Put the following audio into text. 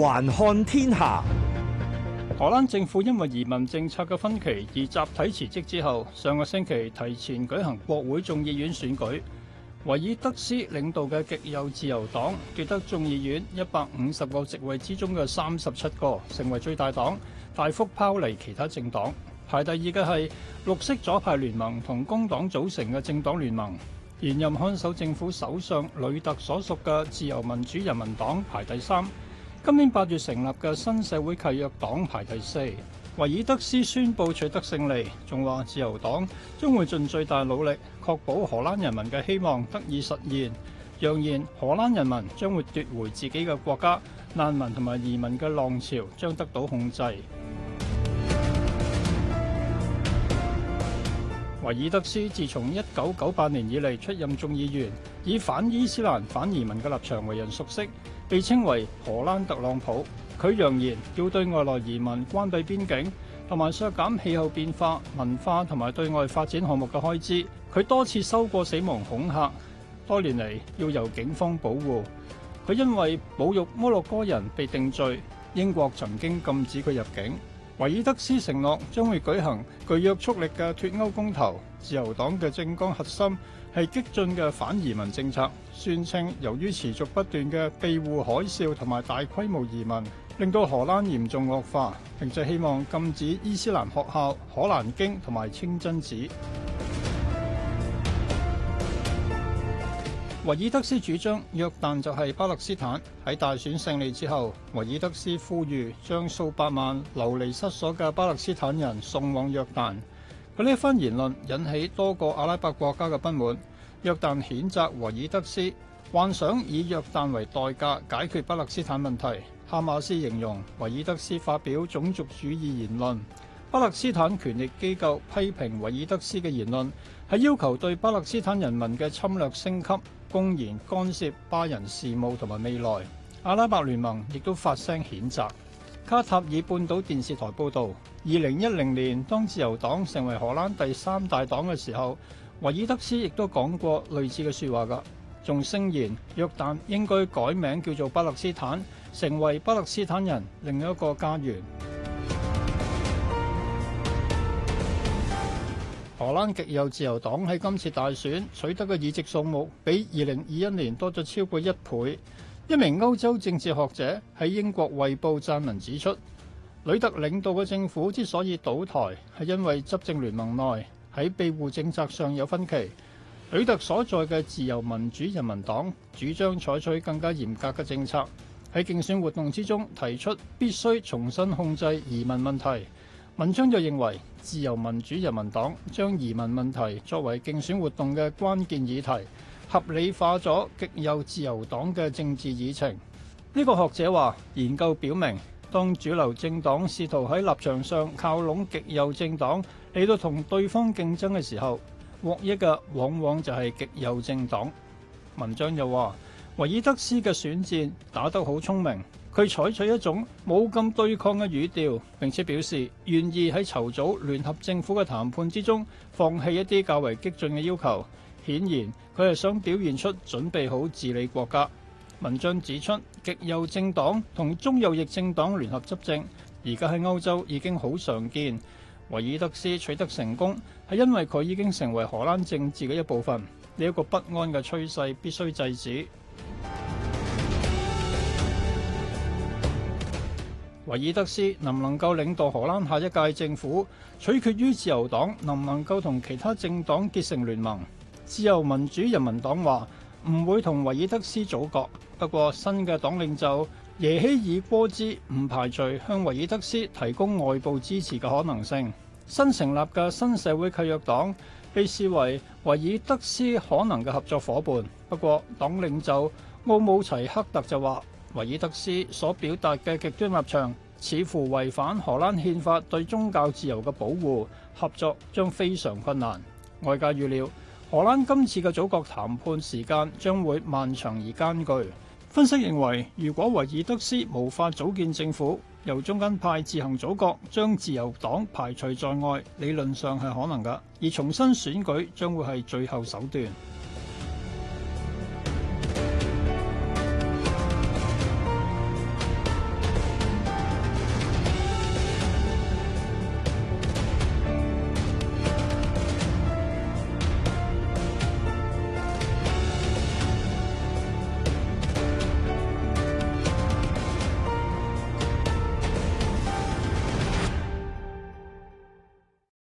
環看天下，荷蘭政府因為移民政策嘅分歧而集體辭職之後，上個星期提前舉行國會眾議院選舉。維爾德斯領導嘅極右自由黨奪得眾議院一百五十個席位之中嘅三十七個，成為最大黨，大幅拋離其他政黨。排第二嘅係綠色左派聯盟同工黨組成嘅政黨聯盟。現任看守政府首相呂特所屬嘅自由民主人民黨排第三。今年八月成立嘅新社會契約黨排第四，維爾德斯宣佈取得勝利，仲話自由黨將會盡最大努力確保荷蘭人民嘅希望得以實現，揚言荷蘭人民將會奪回自己嘅國家，難民同埋移民嘅浪潮將得到控制。維爾德斯自從一九九八年以嚟出任眾議員，以反伊斯蘭、反移民嘅立場為人熟悉。被稱為荷蘭特朗普，佢揚言要對外來移民關閉邊境，同埋削減氣候變化、文化同埋對外發展項目嘅開支。佢多次收過死亡恐嚇，多年嚟要由警方保護。佢因為侮辱摩洛哥人被定罪，英國曾經禁止佢入境。維爾德斯承諾將會舉行具約束力嘅脱歐公投。自由黨嘅政綱核心，係激進嘅反移民政策，宣稱由於持續不斷嘅庇護海嘯同埋大規模移民，令到荷蘭嚴重惡化，並且希望禁止伊斯蘭學校、可蘭經同埋清真寺。維爾德斯主張約旦就係巴勒斯坦，喺大選勝利之後，維爾德斯呼籲將數百萬流離失所嘅巴勒斯坦人送往約旦。佢呢一番言論引起多個阿拉伯國家嘅不滿，約旦譴責維爾德斯，幻想以約旦為代價解決巴勒斯坦問題。哈馬斯形容維爾德斯發表種族主義言論，巴勒斯坦權力機構批評維爾德斯嘅言論係要求對巴勒斯坦人民嘅侵略升級，公然干涉巴人事務同埋未來。阿拉伯聯盟亦都發聲譴責。卡塔爾半島電視台報導，二零一零年當自由黨成為荷蘭第三大黨嘅時候，維爾德斯亦都講過類似嘅說話噶，仲聲言約旦應該改名叫做巴勒斯坦，成為巴勒斯坦人另一個家園。荷蘭極右自由黨喺今次大選取得嘅議席數目，比二零二一年多咗超過一倍。一名歐洲政治學者喺英國衛報撰文指出，呂特領導嘅政府之所以倒台，係因為執政聯盟內喺庇護政策上有分歧。呂特所在嘅自由民主人民黨主張採取更加嚴格嘅政策，喺競選活動之中提出必須重新控制移民問題。文章就認為自由民主人民黨將移民問題作為競選活動嘅關鍵議題。合理化咗極右自由黨嘅政治議程。呢個學者話，研究表明，當主流政黨試圖喺立場上靠攏極右政黨嚟到同對方競爭嘅時候，獲益嘅往往就係極右政黨。文章又話維爾德斯嘅選戰打得好聰明，佢採取一種冇咁對抗嘅語調，並且表示願意喺籌組聯合政府嘅談判之中放棄一啲較為激進嘅要求。顯然佢係想表現出準備好治理國家。文章指出，極右政黨同中右翼政黨聯合執政，而家喺歐洲已經好常見。維爾德斯取得成功係因為佢已經成為荷蘭政治嘅一部分。呢一個不安嘅趨勢必須制止。維爾德斯能唔能夠領導荷蘭下一屆政府，取決於自由黨能唔能夠同其他政黨結成聯盟。自由民主人民黨話唔會同維爾德斯組閣，不過新嘅黨領袖耶希爾波茲唔排除向維爾德斯提供外部支持嘅可能性。新成立嘅新社會契約黨被視為維爾德斯可能嘅合作夥伴，不過黨領袖奧姆齊克特就話，維爾德斯所表達嘅極端立場似乎違反荷蘭憲法對宗教自由嘅保護，合作將非常困難。外界預料，荷蘭今次嘅組閣談判時間將會漫長而艱巨。分析認為，如果維爾德斯無法組建政府，由中間派自行組閣，將自由黨排除在外，理論上係可能噶。而重新選舉將會係最後手段。